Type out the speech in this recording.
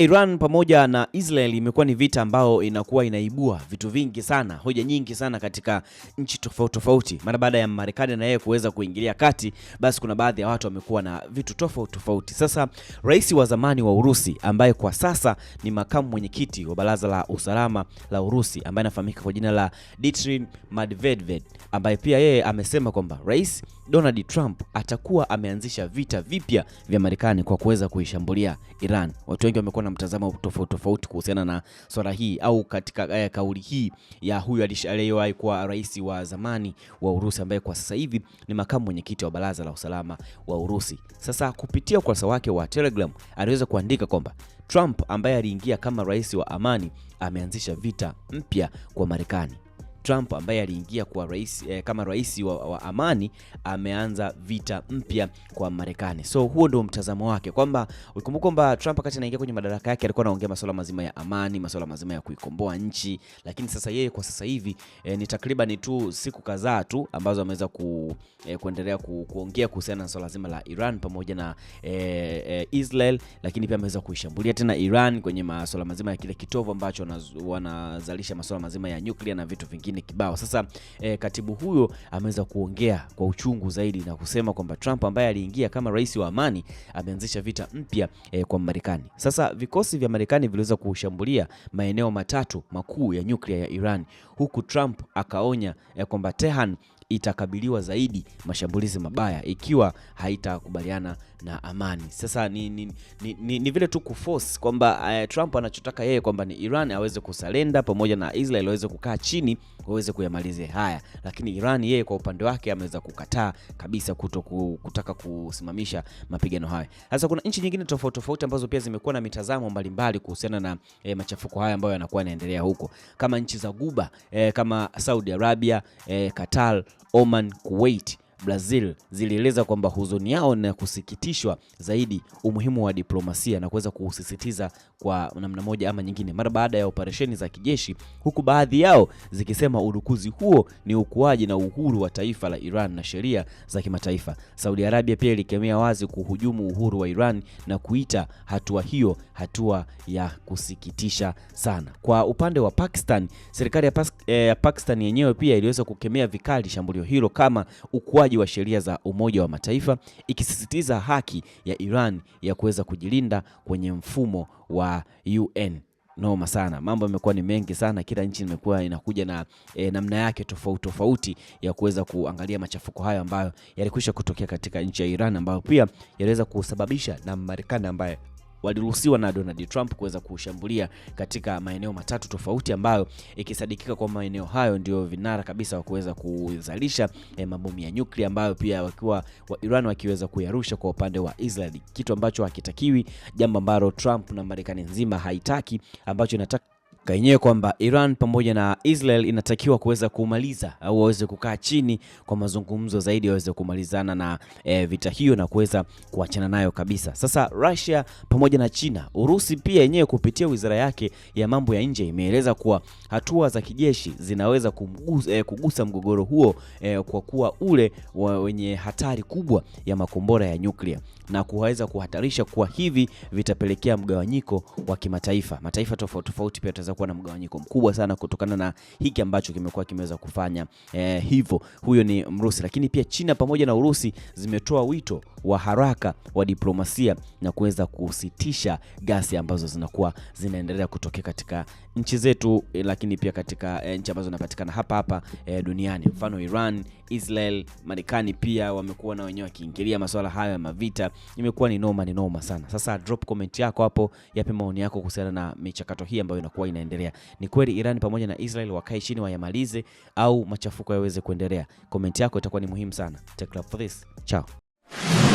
Iran pamoja na Israel imekuwa ni vita ambayo inakuwa inaibua vitu vingi sana, hoja nyingi sana katika nchi tofauti tofauti. Mara baada ya Marekani na yeye kuweza kuingilia kati, basi kuna baadhi ya watu wamekuwa na vitu tofauti tofauti. Sasa rais wa zamani wa Urusi ambaye kwa sasa ni makamu mwenyekiti wa Baraza la Usalama la Urusi ambaye anafahamika kwa jina la Dmitry Medvedev, ambaye pia yeye amesema kwamba Rais Donald Trump atakuwa ameanzisha vita vipya vya Marekani kwa kuweza kuishambulia Iran. Watu wengi wamekuwa na mtazamo tofauti tofauti kuhusiana na swala hii au katika eh, kauli hii ya huyu aliyewahi kuwa rais wa zamani wa Urusi ambaye kwa sasa hivi ni makamu mwenyekiti wa Baraza la Usalama wa Urusi. Sasa kupitia ukurasa wake wa Telegram aliweza kuandika kwamba Trump ambaye aliingia kama rais wa amani ameanzisha vita mpya kwa Marekani. Trump ambaye aliingia kwa rais, eh, kama rais wa, wa amani ameanza vita mpya kwa Marekani. So huo ndio mtazamo wake kwamba ukumbuka kwamba Trump wakati anaingia kwenye madaraka yake alikuwa anaongea masuala mazima ya amani, masuala mazima ya kuikomboa nchi, lakini sasa yeye kwa sasa hivi eh, ni takriban tu siku kadhaa tu ambazo ameweza ku, eh, kuendelea ku, kuongea kuhusiana na swala zima la Iran pamoja na eh, eh, Israel, lakini pia ameweza kuishambulia tena Iran kwenye masuala mazima ya kile kitovu ambacho wanazalisha masuala mazima ya nyuklia na vitu vingine ni kibao. Sasa e, katibu huyo ameweza kuongea kwa uchungu zaidi na kusema kwamba Trump ambaye aliingia kama rais wa amani ameanzisha vita mpya e, kwa Marekani. Sasa vikosi vya Marekani viliweza kushambulia maeneo matatu makuu ya nyuklia ya Iran, huku Trump akaonya e, kwamba Tehran itakabiliwa zaidi mashambulizi mabaya ikiwa haitakubaliana na amani. Sasa ni, ni, ni, ni, ni vile tu kuforce kwamba uh, Trump anachotaka yeye kwamba ni Iran aweze kusalenda pamoja na Israel aweze kukaa chini waweze kuyamalize haya, lakini Iran yeye kwa upande wake ameweza kukataa kabisa kuto kutaka kusimamisha mapigano haya. Sasa kuna nchi nyingine tofauti tofauti ambazo pia zimekuwa na mitazamo mbalimbali kuhusiana na eh, machafuko haya ambayo yanakuwa yanaendelea huko kama nchi za Guba eh, kama Saudi Arabia eh, Qatar Oman, Kuwait Brazil zilieleza kwamba huzuni yao na kusikitishwa zaidi umuhimu wa diplomasia na kuweza kuusisitiza kwa namna moja ama nyingine mara baada ya operesheni za kijeshi, huku baadhi yao zikisema udukuzi huo ni ukuaji na uhuru wa taifa la Iran na sheria za kimataifa. Saudi Arabia pia ilikemea wazi kuhujumu uhuru wa Iran na kuita hatua hiyo hatua ya kusikitisha sana. Kwa upande wa Pakistan, serikali ya eh, Pakistan yenyewe pia iliweza kukemea vikali shambulio hilo kama ukuaji ukiukwaji wa sheria za Umoja wa Mataifa, ikisisitiza haki ya Iran ya kuweza kujilinda kwenye mfumo wa UN. Noma sana, mambo yamekuwa ni mengi sana. Kila nchi imekuwa inakuja na e, namna yake tofauti tofauti ya kuweza kuangalia machafuko hayo ambayo yalikwisha kutokea katika nchi ya Iran ambayo pia yaliweza kusababisha na Marekani ambaye waliruhusiwa na Donald Trump kuweza kushambulia katika maeneo matatu tofauti ambayo ikisadikika kwa maeneo hayo ndio vinara kabisa wa kuweza kuzalisha eh, mabomu ya nyuklia ambayo pia wakiwa wa Iran wakiweza kuyarusha kwa upande wa Israel, kitu ambacho hakitakiwi, jambo ambalo Trump na Marekani nzima haitaki ambacho inataka mwafaka yenyewe kwamba Iran pamoja na Israel inatakiwa kuweza kumaliza au waweze kukaa chini kwa mazungumzo zaidi, waweze kumalizana na e, vita hiyo na kuweza kuachana nayo kabisa. Sasa Russia pamoja na China, Urusi pia yenyewe kupitia wizara yake ya mambo ya nje imeeleza kuwa hatua za kijeshi zinaweza kumgusa, e, kugusa mgogoro huo e, kwa kuwa ule wa, wenye hatari kubwa ya makombora ya nyuklia na kuweza kuhatarisha kuwa hivi vitapelekea mgawanyiko wa kimataifa, mataifa tofauti tofauti pia kutakuwa na mgawanyiko mkubwa sana kutokana na hiki ambacho kimekuwa kimeweza kufanya eh, hivyo. Huyo ni Mrusi, lakini pia China pamoja na Urusi zimetoa wito wa haraka wa diplomasia na kuweza kusitisha gasi ambazo zinakuwa zinaendelea kutokea katika nchi zetu, eh, lakini pia katika eh, nchi ambazo zinapatikana hapa hapa e, duniani. Mfano Iran, Israel, Marekani pia wamekuwa na wenyewe wakiingilia masuala hayo ya mavita. Imekuwa ni noma, ni noma sana. Sasa drop comment yako hapo, yape maoni yako kuhusiana na michakato hii ambayo inakuwa inaendelea. Ni kweli Iran pamoja na Israel wakae chini wayamalize, au machafuko yaweze kuendelea? Comment yako itakuwa ni muhimu sana. Take care for this. Ciao.